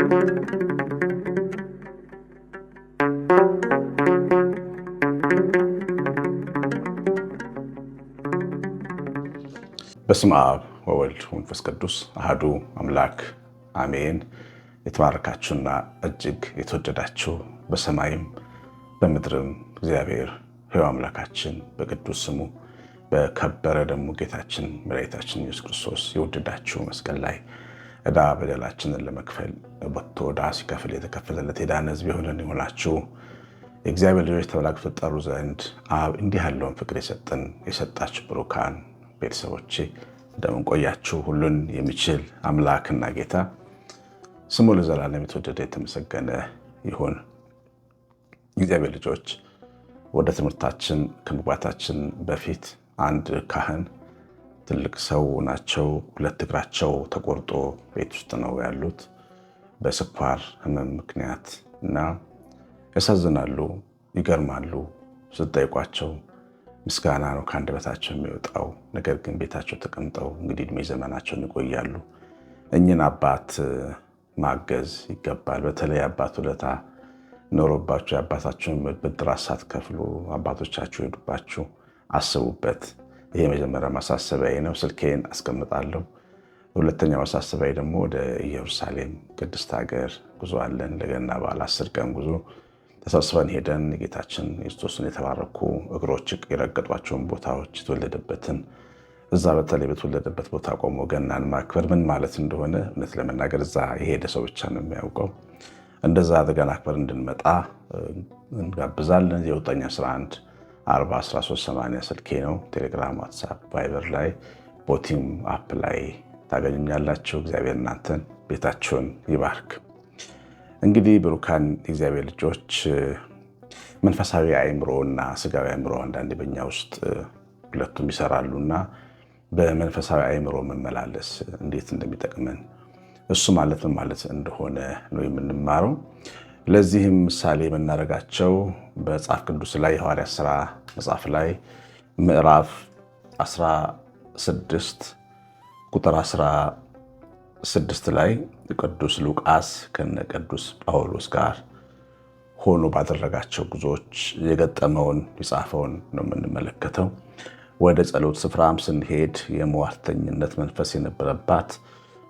በስመ አብ ወወልድ ወመንፈስ ቅዱስ አሐዱ አምላክ አሜን። የተባረካችሁና እጅግ የተወደዳችሁ በሰማይም በምድርም እግዚአብሔር ሕያው አምላካችን በቅዱስ ስሙ በከበረ ደግሞ ጌታችን መድኃኒታችን ኢየሱስ ክርስቶስ የወደዳችሁ መስቀል ላይ ዕዳ በደላችንን ለመክፈል ወጥቶ ዕዳ ሲከፍል የተከፈለለት የዳነ ሕዝብ የሆነን ይሁናችሁ። የእግዚአብሔር ልጆች ተብላችሁ ትጠሩ ዘንድ አብ እንዲህ ያለውን ፍቅር የሰጠን የሰጣችሁ ብሩካን ቤተሰቦቼ እንደምን ቆያችሁ? ሁሉን የሚችል አምላክና ጌታ ስሙ ለዘላለም የተወደደ የተመሰገነ ይሁን። እግዚአብሔር ልጆች ወደ ትምህርታችን ከመግባታችን በፊት አንድ ካህን ትልቅ ሰው ናቸው። ሁለት እግራቸው ተቆርጦ ቤት ውስጥ ነው ያሉት በስኳር ህመም ምክንያት እና ያሳዝናሉ፣ ይገርማሉ። ስጠይቋቸው ምስጋና ነው ከአንደበታቸው የሚወጣው። ነገር ግን ቤታቸው ተቀምጠው እንግዲህ እድሜ ዘመናቸውን ይቆያሉ። እኝን አባት ማገዝ ይገባል። በተለይ አባት ውለታ ኖሮባቸው የአባታቸውን ብድር ሳትከፍሉ አባቶቻቸው ሄዱባችሁ፣ አስቡበት። ይሄ የመጀመሪያ ማሳሰቢያ ነው። ስልኬን አስቀምጣለሁ። ሁለተኛ ማሳሰቢያ ደግሞ ወደ ኢየሩሳሌም ቅድስት ሀገር ጉዞ አለን። ለገና በዓል አስር ቀን ጉዞ ተሰብስበን ሄደን ጌታችን ክርስቶስን የተባረኩ እግሮች የረገጧቸውን ቦታዎች የተወለደበትን እዛ በተለይ በተወለደበት ቦታ ቆሞ ገናን ማክበር ምን ማለት እንደሆነ እውነት ለመናገር እዛ የሄደ ሰው ብቻ ነው የሚያውቀው። እንደዛ ገና አክበር እንድንመጣ እንጋብዛለን። የዘጠኝ አስራ አንድ 41380 ስልኬ ነው። ቴሌግራም፣ ዋትሳፕ፣ ቫይበር ላይ ቦቲም አፕ ላይ ታገኙኛላችሁ። እግዚአብሔር እናንተን ቤታችሁን ይባርክ። እንግዲህ ብሩካን እግዚአብሔር ልጆች መንፈሳዊ አእምሮ እና ስጋዊ አእምሮ አንዳንድ በኛ ውስጥ ሁለቱም ይሰራሉ እና በመንፈሳዊ አእምሮ መመላለስ እንዴት እንደሚጠቅመን እሱ ማለት ምን ማለት እንደሆነ ነው የምንማረው። ለዚህም ምሳሌ የምናደርጋቸው በመጽሐፍ ቅዱስ ላይ የሐዋርያት ሥራ መጽሐፍ ላይ ምዕራፍ 16 ቁጥር 16 ላይ ቅዱስ ሉቃስ ከነ ቅዱስ ጳውሎስ ጋር ሆኖ ባደረጋቸው ጉዞዎች የገጠመውን የጻፈውን ነው የምንመለከተው። ወደ ጸሎት ስፍራም ስንሄድ የመዋርተኝነት መንፈስ የነበረባት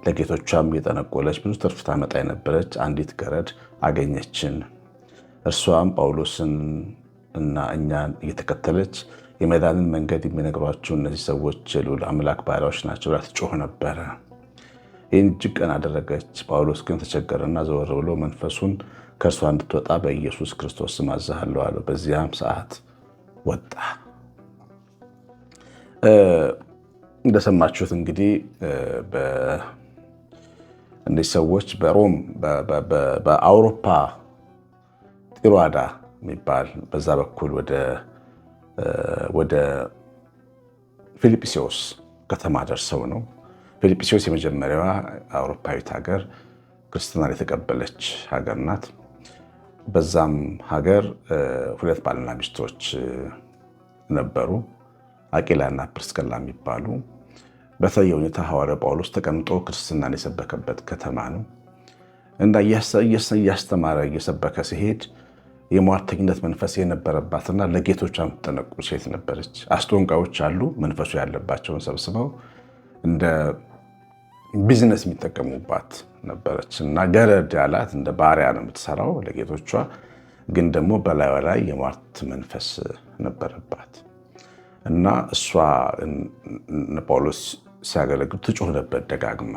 ለጌቶቿም የጠነቆለች ብዙ ትርፍ ታመጣ የነበረች አንዲት ገረድ አገኘችን። እርሷም ጳውሎስን እና እኛን እየተከተለች የመዳንን መንገድ የሚነግሯቸው እነዚህ ሰዎች የልዑል አምላክ ባሪያዎች ናቸው ብላ ትጮህ ነበረ። ይህን እጅግ ቀን አደረገች። ጳውሎስ ግን ተቸገረና ዘወር ብሎ መንፈሱን ከእርሷ እንድትወጣ በኢየሱስ ክርስቶስ ስም አዝሃለሁ አለው። በዚያም ሰዓት ወጣ። እንደሰማችሁት እንግዲህ እነዚህ ሰዎች በሮም በአውሮፓ ጢሯዳ የሚባል በዛ በኩል ወደ ፊልጵስዎስ ከተማ ደርሰው ነው። ፊልጵስዎስ የመጀመሪያዋ አውሮፓዊት ሀገር ክርስትናን የተቀበለች ሀገር ናት። በዛም ሀገር ሁለት ባልና ሚስቶች ነበሩ፣ አቂላና ፕርስቅላ የሚባሉ በተለየ ሁኔታ ሐዋርያ ጳውሎስ ተቀምጦ ክርስትናን የሰበከበት ከተማ ነው እና እያስተማረ እየሰበከ ሲሄድ የሟርተኝነት መንፈስ የነበረባትና ለጌቶቿ የምትጠነቁ ሴት ነበረች። አስጦንቃዮች አሉ፣ መንፈሱ ያለባቸውን ሰብስበው እንደ ቢዝነስ የሚጠቀሙባት ነበረች እና ገረድ ያላት እንደ ባሪያ ነው የምትሰራው ለጌቶቿ። ግን ደግሞ በላዩ ላይ የሟርት መንፈስ ነበረባት እና እሷ ጳውሎስ ሲያገለግሉ ትጮህ ነበር ደጋግማ።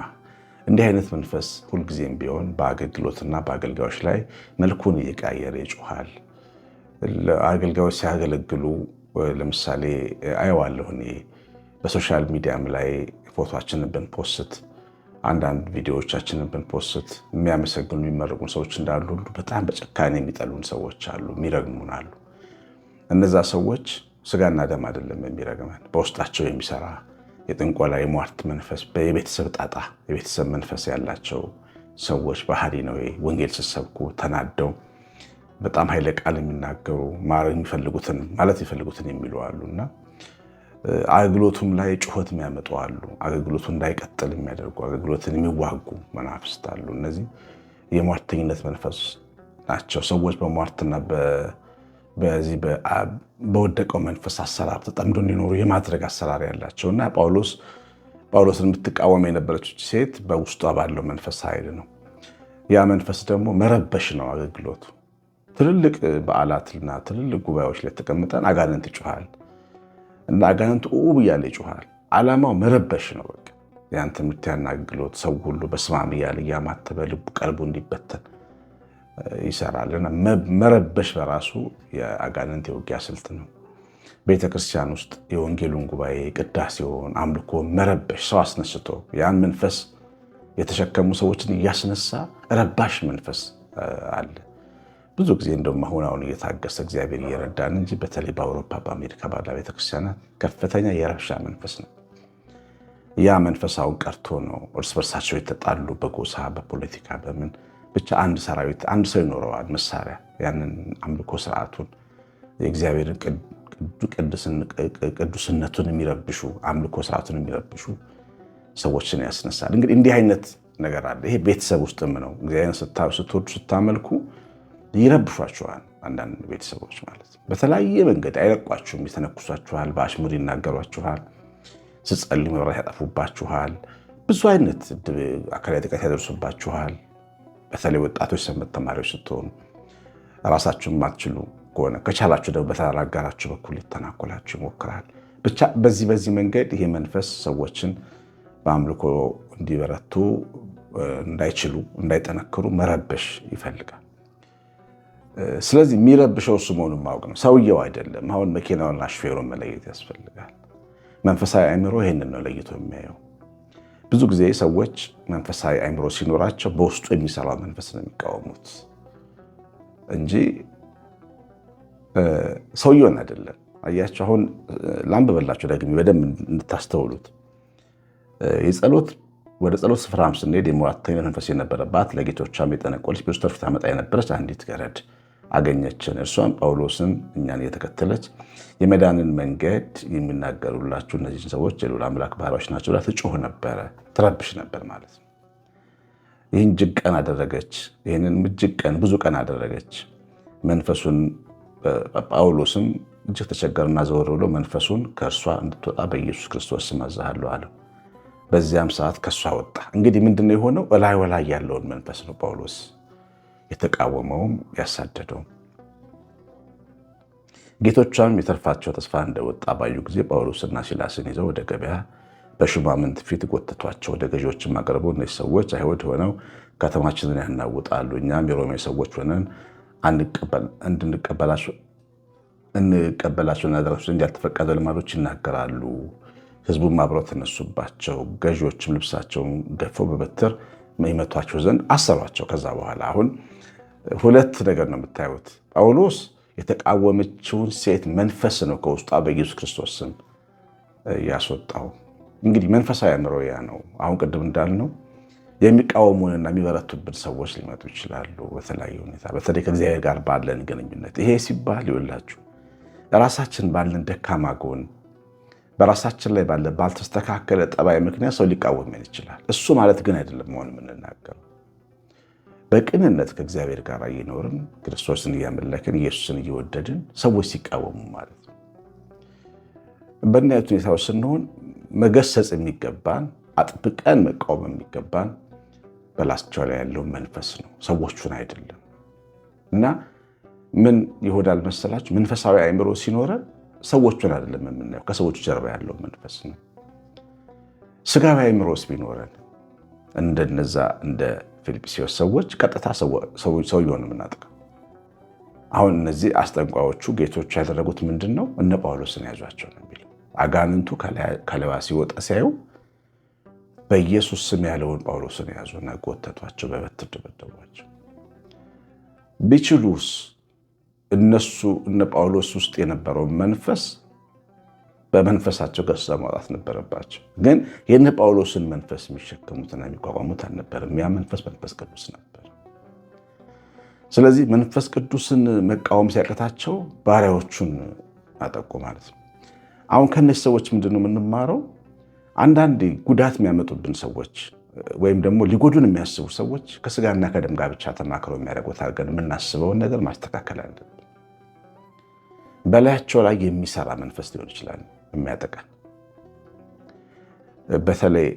እንዲህ አይነት መንፈስ ሁልጊዜም ቢሆን በአገልግሎትና በአገልጋዮች ላይ መልኩን እየቀያየረ ይጮሃል። አገልጋዮች ሲያገለግሉ ለምሳሌ አየዋለሁ እኔ በሶሻል ሚዲያም ላይ ፎቶችን ብንፖስት አንዳንድ ቪዲዮዎቻችንን ብንፖስት የሚያመሰግኑ የሚመረቁን ሰዎች እንዳሉ ሁሉ በጣም በጭካኔ የሚጠሉን ሰዎች አሉ፣ የሚረግሙን አሉ። እነዛ ሰዎች ስጋና ደም አይደለም የሚረግመን በውስጣቸው የሚሰራ የጥንቆላ የሟርት መንፈስ የቤተሰብ ጣጣ የቤተሰብ መንፈስ ያላቸው ሰዎች ባህሪ ነው። ወንጌል ስሰብኩ ተናደው በጣም ኃይለ ቃል የሚናገሩ የሚፈልጉትን ማለት የሚፈልጉትን የሚሉ አሉ እና አገልግሎቱም ላይ ጩኸት የሚያመጡ አሉ። አገልግሎቱ እንዳይቀጥል የሚያደርጉ አገልግሎትን የሚዋጉ መናፍስት አሉ። እነዚህ የሟርተኝነት መንፈስ ናቸው። ሰዎች በሟርትና በዚህ በወደቀው መንፈስ አሰራር ተጠምዶ እንዲኖሩ የማድረግ አሰራር ያላቸው እና ጳውሎስ ጳውሎስን የምትቃወም የነበረች ሴት በውስጧ ባለው መንፈስ ኃይል ነው። ያ መንፈስ ደግሞ መረበሽ ነው አገልግሎቱ። ትልልቅ በዓላትና ትልልቅ ጉባኤዎች ላይ ተቀምጠን አጋንንት ይጮሃል እና አጋንንት ውብ እያለ ይጮሃል። ዓላማው መረበሽ ነው። በቃ ያን ትምህርት ያን አገልግሎት ሰው ሁሉ በስማም እያለ እያማተበ ልቡ ቀልቡ እንዲበተን ይሰራልና መረበሽ በራሱ የአጋንንት የውጊያ ስልት ነው። ቤተክርስቲያን ውስጥ የወንጌሉን ጉባኤ፣ ቅዳሴውን፣ አምልኮ መረበሽ ሰው አስነስቶ ያን መንፈስ የተሸከሙ ሰዎችን እያስነሳ ረባሽ መንፈስ አለ። ብዙ ጊዜ እንደውም አሁን አሁን እየታገሰ እግዚአብሔር እየረዳን እንጂ በተለይ በአውሮፓ በአሜሪካ ባላ ቤተክርስቲያናት ከፍተኛ የረብሻ መንፈስ ነው። ያ መንፈስ አሁን ቀርቶ ነው እርስ በርሳቸው የተጣሉ በጎሳ በፖለቲካ በምን ብቻ አንድ ሰራዊት አንድ ሰው ይኖረዋል መሳሪያ ያንን አምልኮ ስርዓቱን የእግዚአብሔርን ቅዱስነቱን የሚረብሹ አምልኮ ስርዓቱን የሚረብሹ ሰዎችን ያስነሳል። እንግዲህ እንዲህ አይነት ነገር አለ። ይሄ ቤተሰብ ውስጥም ነው። እግዚአብሔርን ስትወዱ ስታመልኩ ይረብሿችኋል። አንዳንድ ቤተሰቦች ማለት በተለያየ መንገድ አይለቋችሁም፣ ይተነኩሷችኋል፣ በአሽሙር ይናገሯችኋል፣ ስጸልይ መብራት ያጠፉባችኋል፣ ብዙ አይነት አካላዊ ጥቃት ያደርሱባችኋል። በተለይ ወጣቶች ሰንበት ተማሪዎች ስትሆኑ ራሳችሁን ማትችሉ ከሆነ ከቻላችሁ ደግሞ በተራ አጋራችሁ በኩል ሊተናኮላችሁ ይሞክራል። ብቻ በዚህ በዚህ መንገድ ይሄ መንፈስ ሰዎችን በአምልኮ እንዲበረቱ እንዳይችሉ እንዳይጠነክሩ መረበሽ ይፈልጋል። ስለዚህ የሚረብሸው እሱ መሆኑን ማወቅ ነው፣ ሰውየው አይደለም። አሁን መኪናውና ሹፌሩን መለየት ያስፈልጋል። መንፈሳዊ አእምሮ ይህንን ነው ለይቶ የሚያየው። ብዙ ጊዜ ሰዎች መንፈሳዊ አይምሮ ሲኖራቸው በውስጡ የሚሰራው መንፈስ ነው የሚቃወሙት እንጂ ሰውየውን አይደለም። አያቸው አሁን ላንብበላቸው ደግሜ በደንብ እንድታስተውሉት። የጸሎት ወደ ጸሎት ስፍራም ስንሄድ የሞራተኛ መንፈስ የነበረባት ለጌቶቿም የጠነቆለች ብዙ ትርፍ ታመጣ የነበረች አንዲት ገረድ አገኘችን። እርሷም ጳውሎስን እኛን እየተከተለች የመዳንን መንገድ የሚናገሩላችሁ እነዚህን ሰዎች የልዑል አምላክ ባሪያዎች ናቸው ብላ ትጮህ ነበረ፣ ትረብሽ ነበር ማለት ነው። ይህን እጅግ ቀን አደረገች። ይህንን እጅግ ቀን ብዙ ቀን አደረገች። መንፈሱን ጳውሎስም እጅግ ተቸገርና ዘወር ብሎ መንፈሱን ከእርሷ እንድትወጣ በኢየሱስ ክርስቶስ ስም አዝሃለሁ አለው። በዚያም ሰዓት ከእሷ ወጣ። እንግዲህ ምንድነው የሆነው? እላይ ወላይ ያለውን መንፈስ ነው ጳውሎስ የተቃወመውም ያሳደደውም። ጌቶቿም የተርፋቸው ተስፋ እንደወጣ ባዩ ጊዜ ጳውሎስና ሲላስን ይዘው ወደ ገበያ በሹማምንት ፊት ጎተቷቸው። ወደ ገዢዎችም አቅርበው እነዚህ ሰዎች አይሁድ ሆነው ከተማችንን ያናውጣሉ፣ እኛም የሮሜ ሰዎች ሆነን እንቀበላቸው እናደርጋቸው ዘንድ ያልተፈቀደ ልማዶች ይናገራሉ። ህዝቡም አብረው ተነሱባቸው። ገዢዎችም ልብሳቸውን ገፈው በበትር ይመቷቸው ዘንድ አሰባቸው። ከዛ በኋላ አሁን ሁለት ነገር ነው የምታዩት። ጳውሎስ የተቃወመችውን ሴት መንፈስ ነው ከውስጧ በኢየሱስ ክርስቶስ ስም ያስወጣው። እንግዲህ መንፈሳዊ አእምሮ ያ ነው። አሁን ቅድም እንዳልነው የሚቃወሙንና የሚበረቱብን ሰዎች ሊመጡ ይችላሉ፣ በተለያየ ሁኔታ፣ በተለይ ከእግዚአብሔር ጋር ባለን ግንኙነት። ይሄ ሲባል ይውላችሁ ራሳችን ባለን ደካማ ጎን በራሳችን ላይ ባለ ባልተስተካከለ ጠባይ ምክንያት ሰው ሊቃወመን ይችላል። እሱ ማለት ግን አይደለም መሆን የምንናገረው። በቅንነት ከእግዚአብሔር ጋር እየኖርን ክርስቶስን እያመለክን ኢየሱስን እየወደድን ሰዎች ሲቃወሙ ማለት ነው። በእና ሁኔታው ስንሆን መገሰጽ የሚገባን አጥብቀን መቃወም የሚገባን በላስቸው ላይ ያለው መንፈስ ነው፣ ሰዎቹን አይደለም። እና ምን ይሆናል መሰላችሁ መንፈሳዊ አእምሮ ሲኖረን ሰዎቹን አይደለም የምናየው፣ ከሰዎቹ ጀርባ ያለው መንፈስ ነው። ስጋዊ አእምሮስ ቢኖረን እንደነዛ እንደ ፊልጵስዩስ ሰዎች ቀጥታ ሰውየውን የምናጠቃው። አሁን እነዚህ አስጠንቋዮቹ ጌቶቹ ያደረጉት ምንድን ነው? እነ ጳውሎስን ያዟቸው ነው የሚለው። አጋንንቱ ከለባ ሲወጣ ሲያዩ በኢየሱስ ስም ያለውን ጳውሎስን የያዙና ጎተቷቸው፣ በበትር ደበደቧቸው። ቢችሉስ እነሱ እነ ጳውሎስ ውስጥ የነበረው መንፈስ በመንፈሳቸው ገሳ ማውጣት ነበረባቸው። ግን ይህን ጳውሎስን መንፈስ የሚሸከሙትና የሚቋቋሙት አልነበርም። ያ መንፈስ መንፈስ ቅዱስ ነበር። ስለዚህ መንፈስ ቅዱስን መቃወም ሲያቀታቸው ባሪያዎቹን አጠቁ ማለት ነው። አሁን ከነዚህ ሰዎች ምንድን ነው የምንማረው? አንዳንዴ ጉዳት የሚያመጡብን ሰዎች ወይም ደግሞ ሊጎዱን የሚያስቡ ሰዎች ከስጋና ከደም ጋር ብቻ ተማክረው የሚያደርጉት አድርገን የምናስበውን ነገር ማስተካከል አለብን። በላያቸው ላይ የሚሰራ መንፈስ ሊሆን ይችላል የሚያጠቃ በተለይ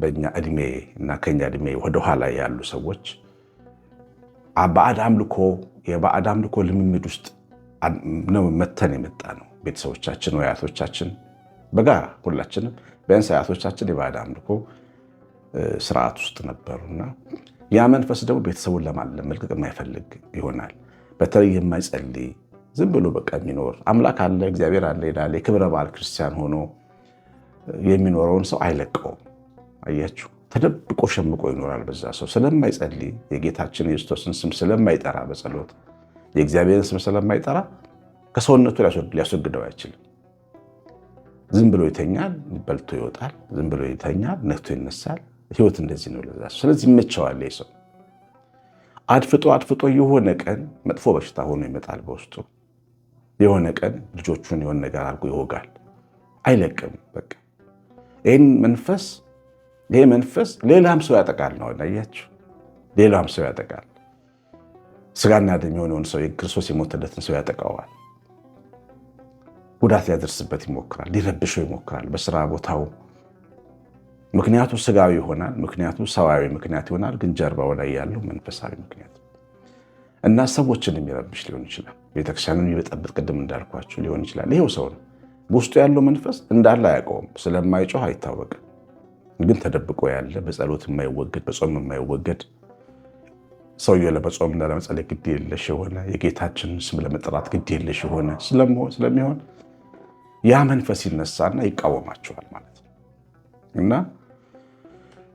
በእኛ እድሜ እና ከኛ እድሜ ወደኋላ ያሉ ሰዎች በአድ አምልኮ የባዕድ አምልኮ ልምምድ ውስጥ ነው መተን የመጣ ነው። ቤተሰቦቻችን ወይ አያቶቻችን በጋራ ሁላችንም ቢያንስ አያቶቻችን የባዕድ አምልኮ ስርዓት ውስጥ ነበሩና ያ መንፈስ ደግሞ ቤተሰቡን ለማለመልቀቅ የማይፈልግ ይሆናል። በተለይ የማይጸልይ ዝም ብሎ በቃ የሚኖር አምላክ አለ፣ እግዚአብሔር አለ ይላል። የክብረ በዓል ክርስቲያን ሆኖ የሚኖረውን ሰው አይለቀውም። አያችሁ፣ ተደብቆ ሸምቆ ይኖራል። በዛ ሰው ስለማይጸልይ፣ የጌታችን የክርስቶስን ስም ስለማይጠራ፣ በጸሎት የእግዚአብሔርን ስም ስለማይጠራ ከሰውነቱ ሊያስወግደው አይችልም። ዝም ብሎ ይተኛል፣ በልቶ ይወጣል። ዝም ብሎ ይተኛል፣ ነክቶ ይነሳል። ህይወት እንደዚህ ነው ለዛ ሰው። ስለዚህ ይመቸዋል ሰው አድፍጦ አድፍጦ የሆነ ቀን መጥፎ በሽታ ሆኖ ይመጣል በውስጡ የሆነ ቀን ልጆቹን የሆነ ነገር አድርጎ ይወጋል፣ አይለቅም። በቃ ይህን መንፈስ ይህ መንፈስ ሌላም ሰው ያጠቃል ነው አያችሁ፣ ሌላም ሰው ያጠቃል። ስጋና ደም የሆነውን ሰው የክርስቶስ የሞተለትን ሰው ያጠቃዋል። ጉዳት ሊያደርስበት ይሞክራል፣ ሊረብሸው ይሞክራል በስራ ቦታው። ምክንያቱ ስጋዊ ይሆናል፣ ምክንያቱ ሰዋዊ ምክንያት ይሆናል፣ ግን ጀርባው ላይ ያለው መንፈሳዊ ምክንያት እና ሰዎችን የሚረብሽ ሊሆን ይችላል። ቤተክርስቲያንን የሚበጠብጥ ቅድም እንዳልኳቸው ሊሆን ይችላል። ይሄው ሰው ነው። በውስጡ ያለው መንፈስ እንዳለ አያውቀውም። ስለማይጮህ አይታወቅም። ግን ተደብቆ ያለ በጸሎት የማይወገድ በጾም የማይወገድ ሰውየው ለመጾምና ለመጸለይ ግድ የለሽ የሆነ የጌታችን ስም ለመጠራት ግድ የለሽ የሆነ ስለሚሆን ያ መንፈስ ይነሳና ይቃወማቸዋል ማለት ነው። እና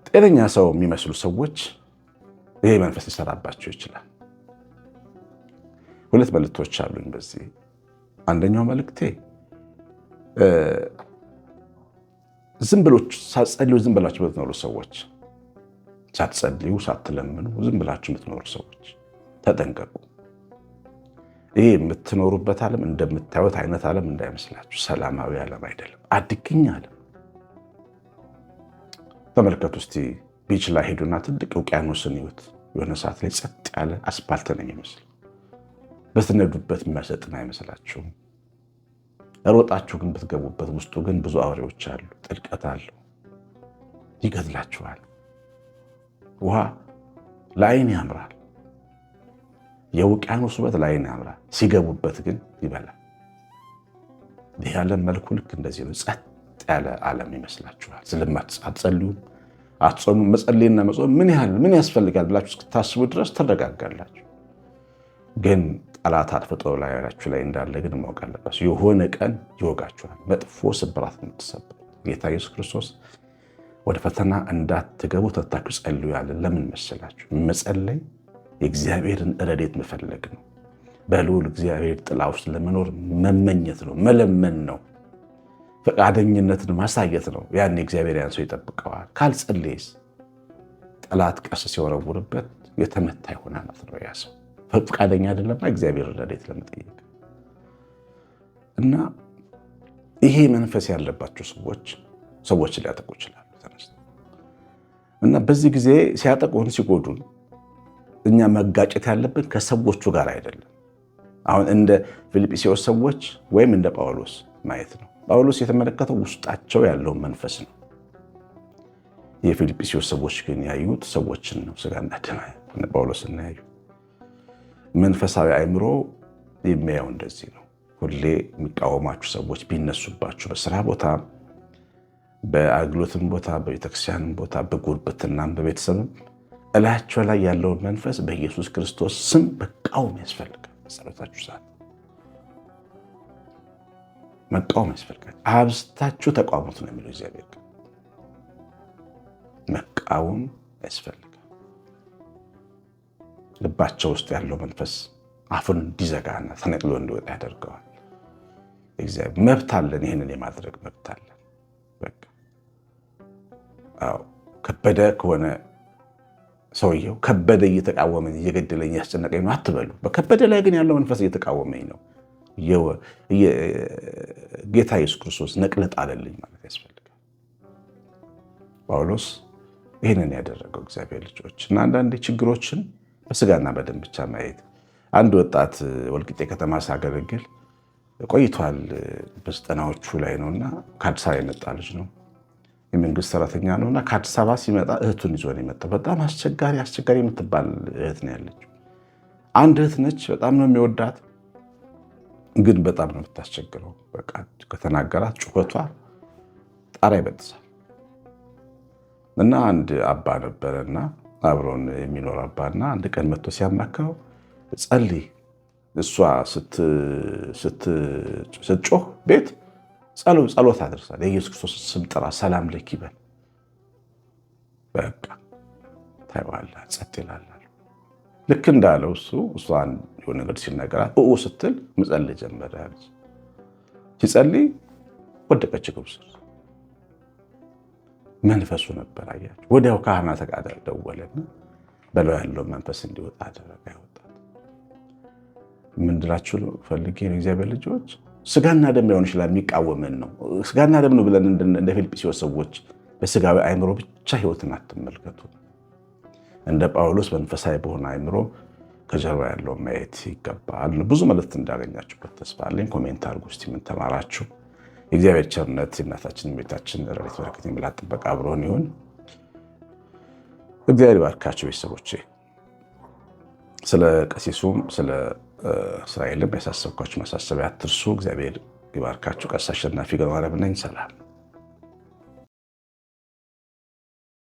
ጤነኛ ሰው የሚመስሉ ሰዎች ይሄ መንፈስ ሊሰራባቸው ይችላል። ሁለት መልእክቶች አሉኝ በዚህ። አንደኛው መልእክቴ ዝም ብሎች ሳትጸልዩ ዝም ብላችሁ የምትኖሩ ሰዎች፣ ሳትጸልዩ ሳትለምኑ ዝም ብላችሁ የምትኖሩ ሰዎች ተጠንቀቁ። ይህ የምትኖሩበት ዓለም እንደምታዩት አይነት ዓለም እንዳይመስላችሁ። ሰላማዊ ዓለም አይደለም፣ አድግኝ ዓለም። ተመልከቱ እስቲ ቢች ላይ ሄዱና ትልቅ ውቅያኖስን ይዩት። የሆነ ሰዓት ላይ ጸጥ ያለ አስፓልት ነው የሚመስል ብትነዱበት የሚያሰጥን አይመስላችሁም። ሮጣችሁ ግን ብትገቡበት ውስጡ ግን ብዙ አውሬዎች አሉ፣ ጥልቀት አለው፣ ይገድላችኋል። ውሃ ለአይን ያምራል፣ የውቅያኖስ ውበት ለአይን ያምራል፣ ሲገቡበት ግን ይበላል። ይህ ዓለም መልኩ ልክ እንደዚህ ነው። ጸጥ ያለ ዓለም ይመስላችኋል። ስለማት አትጸልዩም፣ አትጾሙም። መጸለይና መጾም ምን ያህል ምን ያስፈልጋል ብላችሁ እስክታስቡ ድረስ ትረጋጋላችሁ ግን ጠላት አጥፍጦ ላያችሁ ላይ እንዳለ ግን ማወቅ አለበት። የሆነ ቀን ይወጋችኋል። መጥፎ ስብራት የምትሰብሩት ጌታ ኢየሱስ ክርስቶስ ወደ ፈተና እንዳትገቡ ተታችሁ ጸልዩ ያለ ለምን መሰላችሁ? መጸለይ የእግዚአብሔርን ረድኤት መፈለግ ነው። በልዑል እግዚአብሔር ጥላ ውስጥ ለመኖር መመኘት ነው፣ መለመን ነው፣ ፈቃደኝነትን ማሳየት ነው። ያን እግዚአብሔር ያን ሰው ይጠብቀዋል። ካልጸለይስ ጠላት ቀስ ሲወረውርበት የተመታ ይሆናል ነው ያ ሰው ፈቃደኛ አይደለምና እግዚአብሔር ረድኤት ለመጠየቅ እና ይሄ መንፈስ ያለባቸው ሰዎች ሰዎች ሊያጠቁ ይችላሉ። እና በዚህ ጊዜ ሲያጠቁን ሲጎዱን እኛ መጋጨት ያለብን ከሰዎቹ ጋር አይደለም። አሁን እንደ ፊልጵስዎስ ሰዎች ወይም እንደ ጳውሎስ ማየት ነው። ጳውሎስ የተመለከተው ውስጣቸው ያለውን መንፈስ ነው። የፊልጵስዎስ ሰዎች ግን ያዩት ሰዎችን ነው፣ ስጋና ደም ጳውሎስን ያዩ መንፈሳዊ አእምሮ የሚያየው እንደዚህ ነው። ሁሌ የሚቃወማችሁ ሰዎች ቢነሱባችሁ በስራ ቦታ፣ በአገልግሎትም ቦታ፣ በቤተክርስቲያንም ቦታ፣ በጉርብትናም በቤተሰብም እላያቸው ላይ ያለውን መንፈስ በኢየሱስ ክርስቶስ ስም መቃወም ያስፈልጋል። መሰረታችሁ ሰዓት መቃወም ያስፈልጋል። አብስታችሁ ተቋሙት ነው የሚለው እግዚአብሔር። መቃወም ያስፈልጋል። ልባቸው ውስጥ ያለው መንፈስ አፉን እንዲዘጋና ተነቅሎ እንዲወጣ ያደርገዋል። እግዚአብሔር መብት አለን፣ ይህንን የማድረግ መብት አለን። ከበደ ከሆነ ሰውየው ከበደ እየተቃወመኝ እየገደለኝ እያስጨነቀኝ ነው አትበሉ። በከበደ ላይ ግን ያለው መንፈስ እየተቃወመኝ ነው። ጌታ ኢየሱስ ክርስቶስ ነቅለጥ አለልኝ ማለት ያስፈልጋል። ጳውሎስ ይህንን ያደረገው እግዚአብሔር ልጆች እና አንዳንዴ ችግሮችን በስጋና በደም ብቻ ማየት። አንድ ወጣት ወልቂጤ ከተማ ሳገለግል ቆይቷል። በዘጠናዎቹ ላይ ነውና ከአዲስ አበባ የመጣ ልጅ ነው። የመንግስት ሰራተኛ ነውና ከአዲስ አበባ ሲመጣ እህቱን ይዞ ነው የመጣው። በጣም አስቸጋሪ አስቸጋሪ የምትባል እህት ነው ያለችው። አንድ እህት ነች። በጣም ነው የሚወዳት፣ ግን በጣም ነው የምታስቸግረው። በቃ ከተናገራት ጩኸቷ ጣራ ይበጥሳል። እና አንድ አባ ነበረና አብሮን የሚኖር አባና አንድ ቀን መጥቶ ሲያማክረው ጸልይ፣ እሷ ስትጮህ ቤት ጸሎት አድርሳል። የኢየሱስ ክርስቶስ ስም ጥራ፣ ሰላም ለኪ በል። በቃ ታይዋላ፣ ጸጥ ይላላል። ልክ እንዳለው እሱ እሷን የሆነ ነገር ሲነገራት እኡ ስትል መጸለይ ጀመረ። ሲጸልይ ወደቀች ግብስር መንፈሱ ነበር። አያቸው ወዲያው ካህናተ ቃድር ደወለና በላው ያለው መንፈስ እንዲወጣ አደረገ። ያወጣ ምንድራችሁ ፈልጌ ነው። እግዚአብሔር ልጆች ስጋና ደም ሊሆን ይችላል፣ የሚቃወመን ነው። ስጋና ደም ነው ብለን እንደ ፊልጵስዎስ ሰዎች በስጋዊ አይምሮ ብቻ ህይወትን አትመልከቱ። እንደ ጳውሎስ መንፈሳዊ በሆነ አይምሮ ከጀርባ ያለው ማየት ይገባል። ብዙ መልእክት እንዳገኛችሁበት ተስፋ አለኝ። ኮሜንት አድርጉ እስቲ ምን ተማራችሁ? የእግዚአብሔር ቸርነት የእናታችን ቤታችን ረድኤት በረከት የመላእክት ጥበቃ አብሮን ይሁን። እግዚአብሔር ባርካቸው ቤተሰቦቼ። ስለ ቀሲሱም ስለ እስራኤልም ያሳሰብኳቸው ማሳሰቢያ አትርሱ። እግዚአብሔር ይባርካችሁ። ቀሲስ አሸናፊ ገብረማርያም ነኝ። ሰላም